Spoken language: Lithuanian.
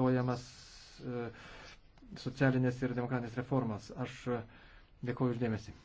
tojamas e, socialinės ir demokratinės reformas. Aš e, dėkuoju uždėmesi.